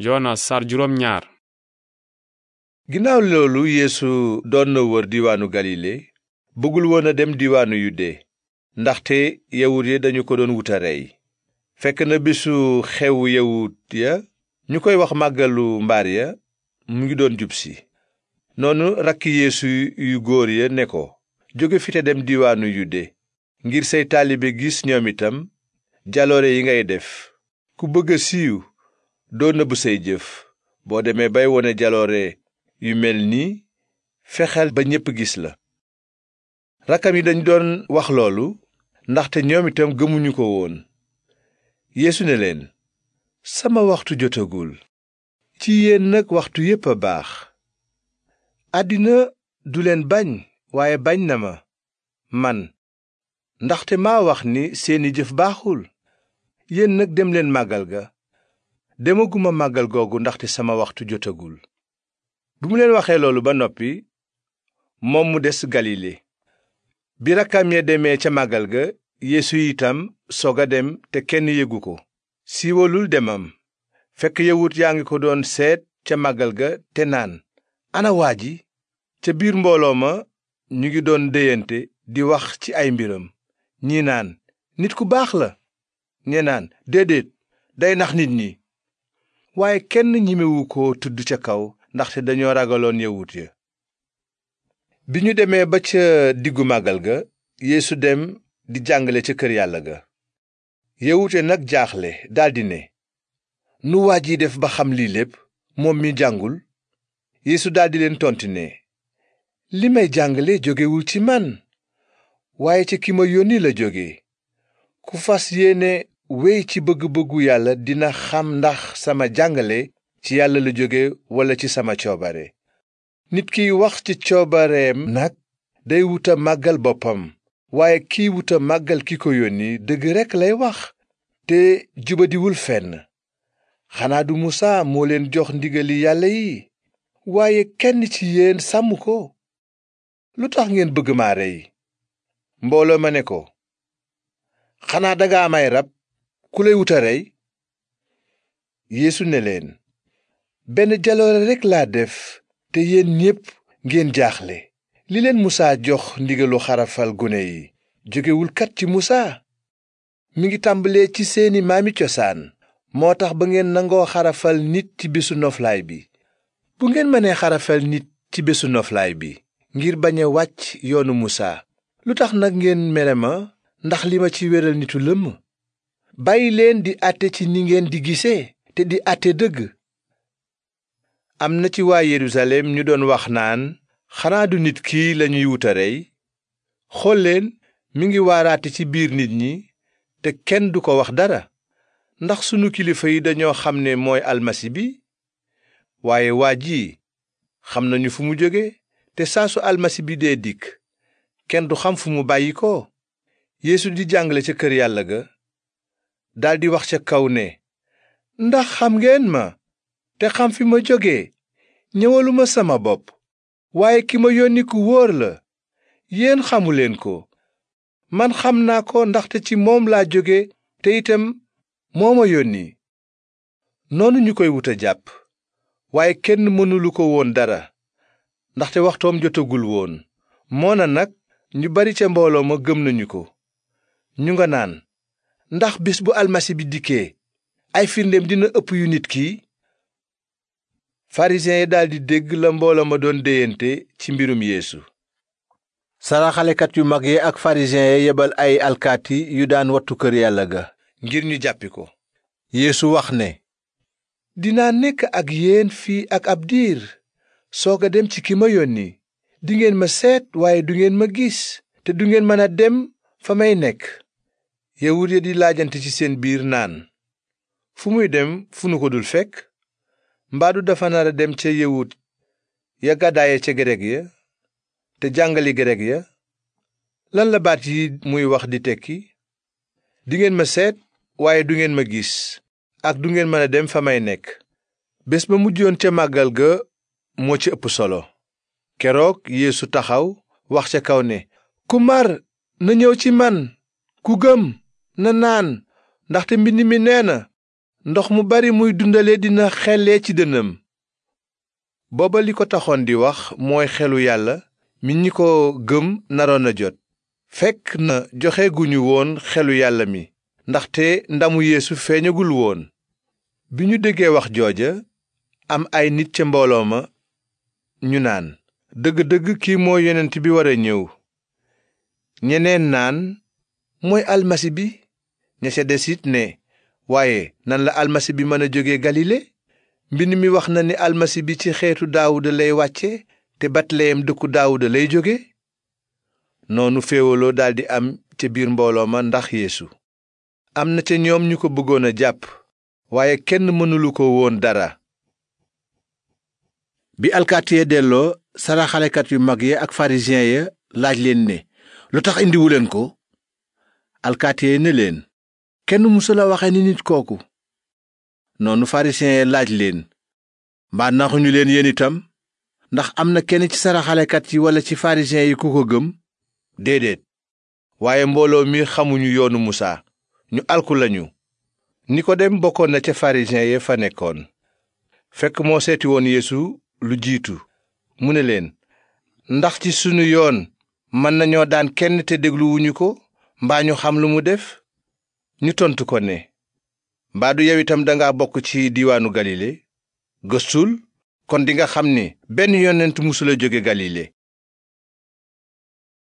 Yoona sar juróom ginnaaw loolu yéesu doon na wër diwaanu galile bëggul woon a dem diiwaanu yude ndaxte yawut ya dañu ko doon wuta rey fekk na bisu xewu yawut ya ñu koy wax màggalu mbaar ya mu ngi doon jub si noonu rakki yeesu yu góor ya ne ko jóge fi te dem diiwaanu yude ngir say taalibe gis ñoom itam jaloore yi ngay def ku bëgg a siiw doo nëbb say jëf boo demee bay wone jaloore yu mel nii fexeel ba ñépp gis la rakkam yi dañ doon wax loolu ndaxte ñoom itam gëmuñu ko woon yéesu ne leen sama waxtu jotagul ci yéen nag waxtu yépp a baax àddina du leen bañ waaye bañ na ma man ndaxte maa wax ni seeni jëf baaxul yéen nag demleen màggal ga demaguma màggal googu ndaxte sama waxtu jotagul bi mu leen waxee loolu ba noppi moom mu des galile bi rakkam ya demee ca màggal ga yéesu itam sog a dem te kenn yégu ko siiwalul demam fekk yawut yaa ngi ko doon seet ca màggal ga te naan ana waa ji ca biir mbooloo ma ñu ngi doon déyante di wax ci ay mbiram ñi naan nit ku baax la ñe naan déedéet day nax nit ñi waaye kenn ñimewu ko tudd ca kaw ndaxte dañoo ragaloon yawut ya bi ñu demee ba ca diggu màggal ga yeesu dem di jàngale ca kër yàlla ga yawut nag jaaxle daldi ne nu waa ji def ba xam lii lépp moom mi jàngul yéesu daldi leen tontu ne li may jàngale jógewul ci man waaye ci ki ma yónni la jóge ku fas yéene wéy ci bëgg-bëggu yàlla dina xam ndax sama jàngale ci yàlla la jóge walla ci sama coobare nit kiy wax ci coobareem nag day wuta màggal boppam waaye kiy wuta màggal ki ko yónni dëgg rekk lay wax te jubadiwul fenn xanaa du musaa moo leen jox li yàlla yi waaye kenn ci yéen sàmm ko lu tax ngeen bëgg maa rey mbooloo ma ne ko xanaa danga am rab ku lay wut a rey yeesu ne leen benn jaloore rekk laa def te yéen ñépp ngeen jaaxle li leen musaa jox ndigalu xarafal gune yi jógewul kat ci musa mi ngi tàmbalee ci seeni maami cosaan moo tax ba ngeen nangoo xarafal nit ci bésu noflaay bi bu ngeen mënee xarafal nit ci bésu noflaay bi ngir bañ a wàcc yoonu musaa lu tax nag ngeen mere ma ndax li ma ci wéral nitu lëmm bàyyi leen di àtte ci ni ngeen di gisee te di àtte dëgg am na ci waa Yerusalem ñu doon wax naan xanaa du nit kii lañuy wuta rey xool leen ngi waaraate ci biir nit ñi te kenn du ko wax dara ndax sunu kilifa yi dañoo xam ne mooy almasi bi waaye waa ji xam nañu fu mu jóge te saa su almasi bi dee dikk kenn du xam fu mu bàyyi ko. Yeesu di jàngale ca kër yàlla ga daldi wax ca kaw ne ndax xam ngeen ma te xam fi ma jóge ñëwaluma sama bopp waaye ki ma yónni ku wóor la yéen xamuleen ko man xam naa ko ndaxte ci moom laa jóge te itam moo ma yónni noonu ñu koy wuta jàpp waaye kenn mënulu ko woon dara ndaxte waxtoom jotagul woon moona nag ñu bari ca mbooloo ma gëm nañu ko ñu nga naan ndax bés bu almasi bi dikkee ay firndeem dina ëpp yu nit ki farisiyen yi daldi dégg la mbooloo ma doon déyante ci mbirum yéesu saraxalekat yu mag yi ak farisiyen yi yebal ay alkaati yu daan wattu kër yàlla ga ngir ñu jàppi ko yéesu wax ne dinaa nekk ak yéen fii ak ab diir soog a dem ci ki ma yónni dingeen ma seet waaye du ngeen ma gis te du ngeen mën a dem fa may nekk yawut ya di laajante ci seen biir naan fu muy dem fu nu ko dul fekk mbaadu dafa nar dem ca yawut ya gàddaaye ca greg ya te jàngali greg ya lan la baat yi muy wax di tekki dingeen ma seet waaye du ngeen ma gis ak du ngeen mën a dem fa may nekk bés ba mujjoon ca màggal ga moo ci ëpp solo keroog yéesu taxaw wax ca kaw ne ku mar na ñëw ci man ku gëm na naan ndaxte mbind mi nee na ndox mu bari muy dundale dina xellee ci dënam booba li ko taxoon di wax mooy xelu yàlla mi ñi ko gëm naroon a jot fekk na joxe woon xelu yàlla mi ndaxte ndamu yéesu feeñagul woon bi ñu déggee wax jooja am ay nit ca mbooloo ma ñu naan dëgg-dëgg kii moo yonent bi war ñëw ñeneen naan mooy almasi bi ña ca desit ne waaye nan la almasi bi mën a jóge galile mbind mi wax na ni almasi bi ci xeetu daawuda lay wàcce te batleyem dëkku daawuda lay jóge noonu féewaloo daldi am ca biir mbooloo ma ndax yéesu am na ca ñoom ñu ko bëggoon a jàpp waaye kenn mënulu ko woon dara bi alkaati ya delloo saraxalekat yu mag ya ak farisiyen ya laaj leen ne lu tax indiwu leen ko alkaati ya ne leen kenn musula waxe ni nit kooku noonu farisiyen yi laaj leen mbaa naxuñu leen yéen itam ndax am na kenn ci saraxalekat yi walla ci farisiyen yi ku ko gëm déedéet waaye mbooloo mi xamuñu yoonu musaa ñu alku lañu dem bokkoon na ca farisiyen yee fa nekkoon fekk moo seeti woon yéesu lu jiitu mu ne leen ndax ci sunu yoon mën nañoo daan kenn te dégluwuñu ko mbaa ñu xam lu mu def ñu tontu ko ne mbaadu yow itam danga bokk ci diiwaanu galile gëstul kon dinga xam ni benn yonent musula jóge galile